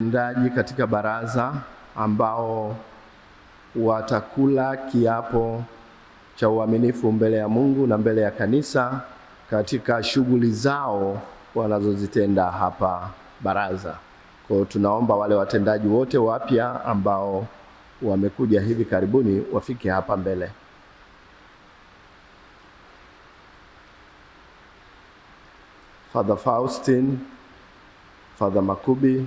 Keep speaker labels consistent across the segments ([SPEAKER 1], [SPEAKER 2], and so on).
[SPEAKER 1] ndaji katika baraza ambao watakula kiapo cha uaminifu mbele ya Mungu na mbele ya kanisa katika shughuli zao wanazozitenda hapa baraza. Kwa hiyo tunaomba wale watendaji wote wapya ambao wamekuja hivi karibuni wafike hapa mbele. Father Faustin, Father Makubi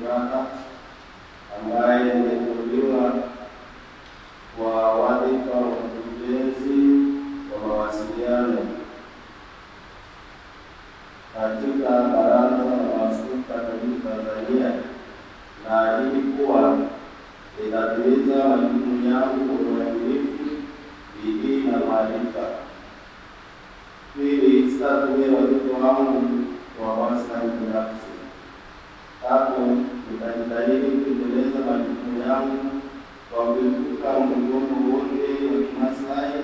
[SPEAKER 2] Mkaka ambaye ameteuliwa kwa wadhifa wa mkurugenzi wa mawasiliano katika Baraza la Maaskofu Katoliki Tanzania, na ili kuwa itatimiza majukumu yangu kwa uadilifu, bidii na maarifa. Pili, sitatumia wadhifa wangu wanajaribu kutekeleza majukumu o kwa kuepuka mgomo wote wa kimaslahi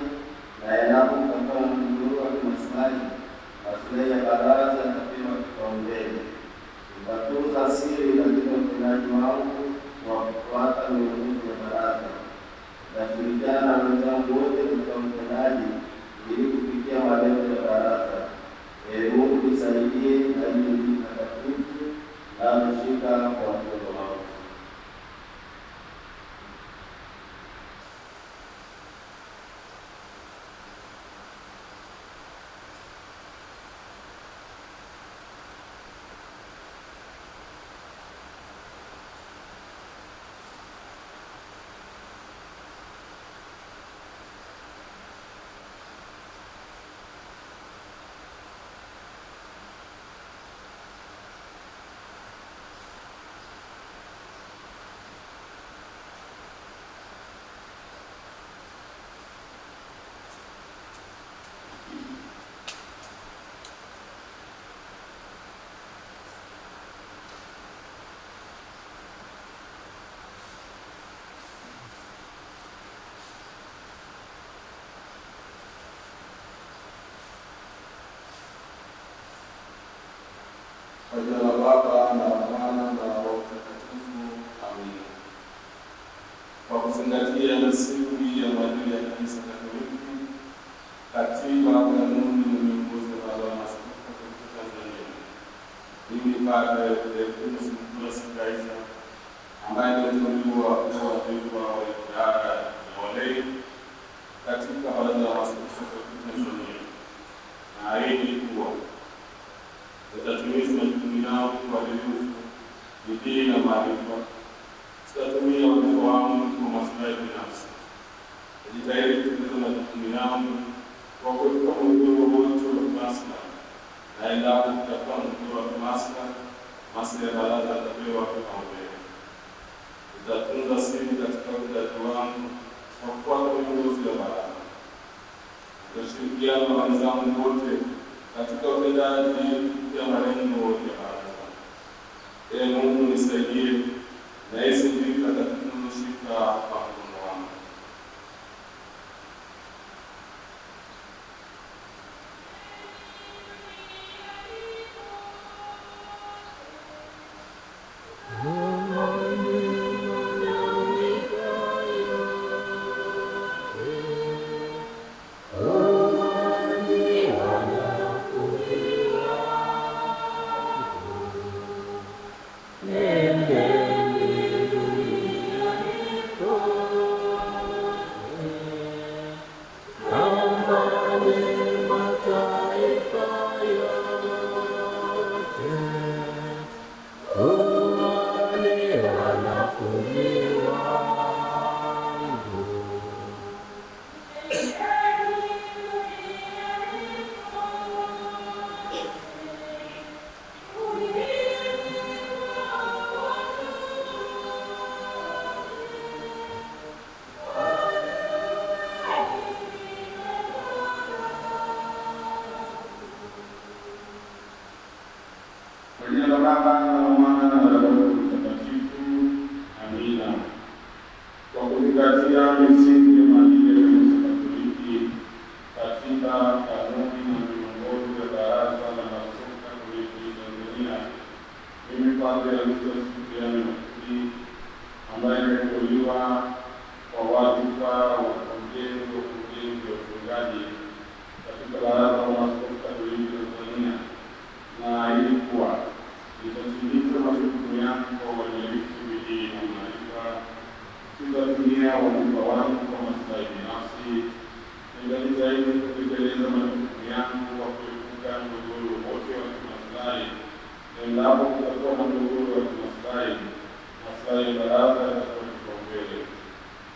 [SPEAKER 2] na yanapokutana na mgogoro wa kimaslahi, maslahi ya baraza yatapewa kipaumbele. Utatunza siri katika utendaji wao kwa kufuata miongozo ya baraza. Utashirikiana na wenzangu wote katika utendaji ili kufikia malengo ya baraza. Ee Mungu nisaidie na iwe takatifu na kushika kwa وجل baba na mwana na Roho Mtakatifu. Amina. Kwa kuzingatia misingi ya maadili ya Kanisa Katoliki, katiba, kanuni na miongozo ya Baba Maaskofu Katoliki Tanzania, mimi Padre Delfinus Mkula Sikaisa ambaye nimeteuliwa kuwa mjumbe wa idara ya walei katika Baraza la Maaskofu Katoliki Tanzania naahidi kuwa Watatumia majukumu yao kwa uadilifu, bidii na maarifa. Sitatumia wakati wangu kwa maslahi binafsi. Nitajitahidi kutimiza majukumu yangu kwa kuepuka mgogoro wowote wa kimaslahi, na endapo kutakuwa mgogoro wa kimaslahi, maslahi ya baraza yatapewa kipaumbele. Nitatunza siri katika utendaji wangu kwa kufuata miongozo ya baraza. Nitashirikiana na wenzangu wote katika utendaji kupitia maneno ya maarifa. Ee Mungu nisaidie na Ingalizaidi kutekeleza majukumu yangu kwa kuepuka mgogoro wote wa kimaslahi, endapo kutakuwa na mgogoro wa kimaslahi, maslahi ya baraza yatakuwa kipaumbele.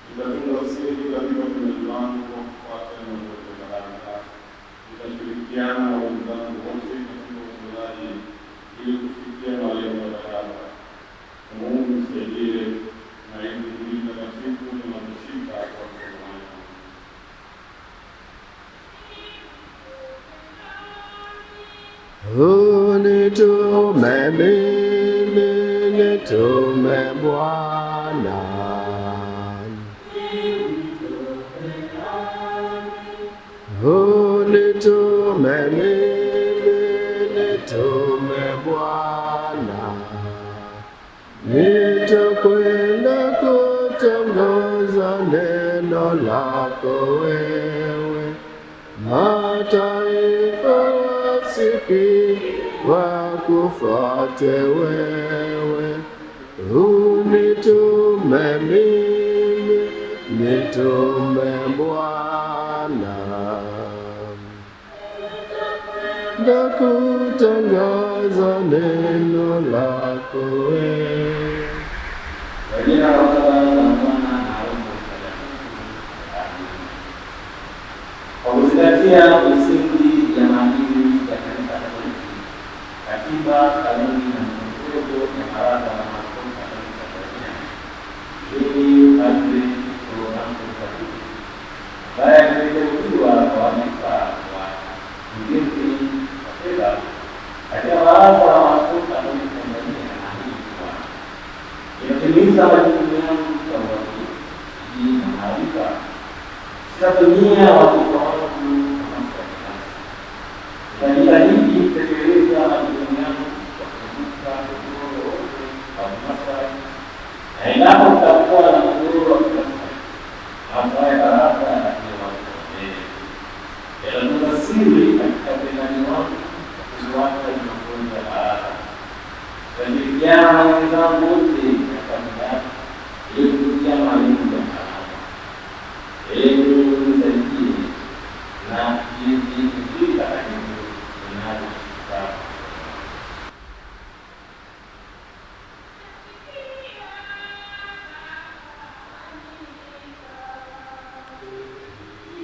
[SPEAKER 2] Nitatunga usiri katika utendaji wangu kwa kufuata miongozo ya baraza. Nitashirikiana na wenzangu wote katika utendaji ili kufikia malengo ya baraza. Mungu nisaidie na ili kulinda katika
[SPEAKER 3] Tumemini, nitume Bwana. Nitume mimi, nitume Bwana, nitakwenda kutangaza neno lako wewe mata nikufuate wewe, unitume mimi, nitume Bwana, ndakutangaza neno lako wewe
[SPEAKER 2] kuzingatia msingi kutekeleza majukumu yangu kwa kuvuka mgogoro wote wa kimaslahi, na endapo kutakuwa na mgogoro wa kimaslahi ambaye baraza ndio wakombee yanatunza siri katika utendani wangu kuziwata viongozi wa baraza, na wenzangu wote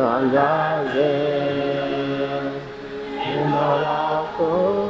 [SPEAKER 3] sunrise. You know I'll go.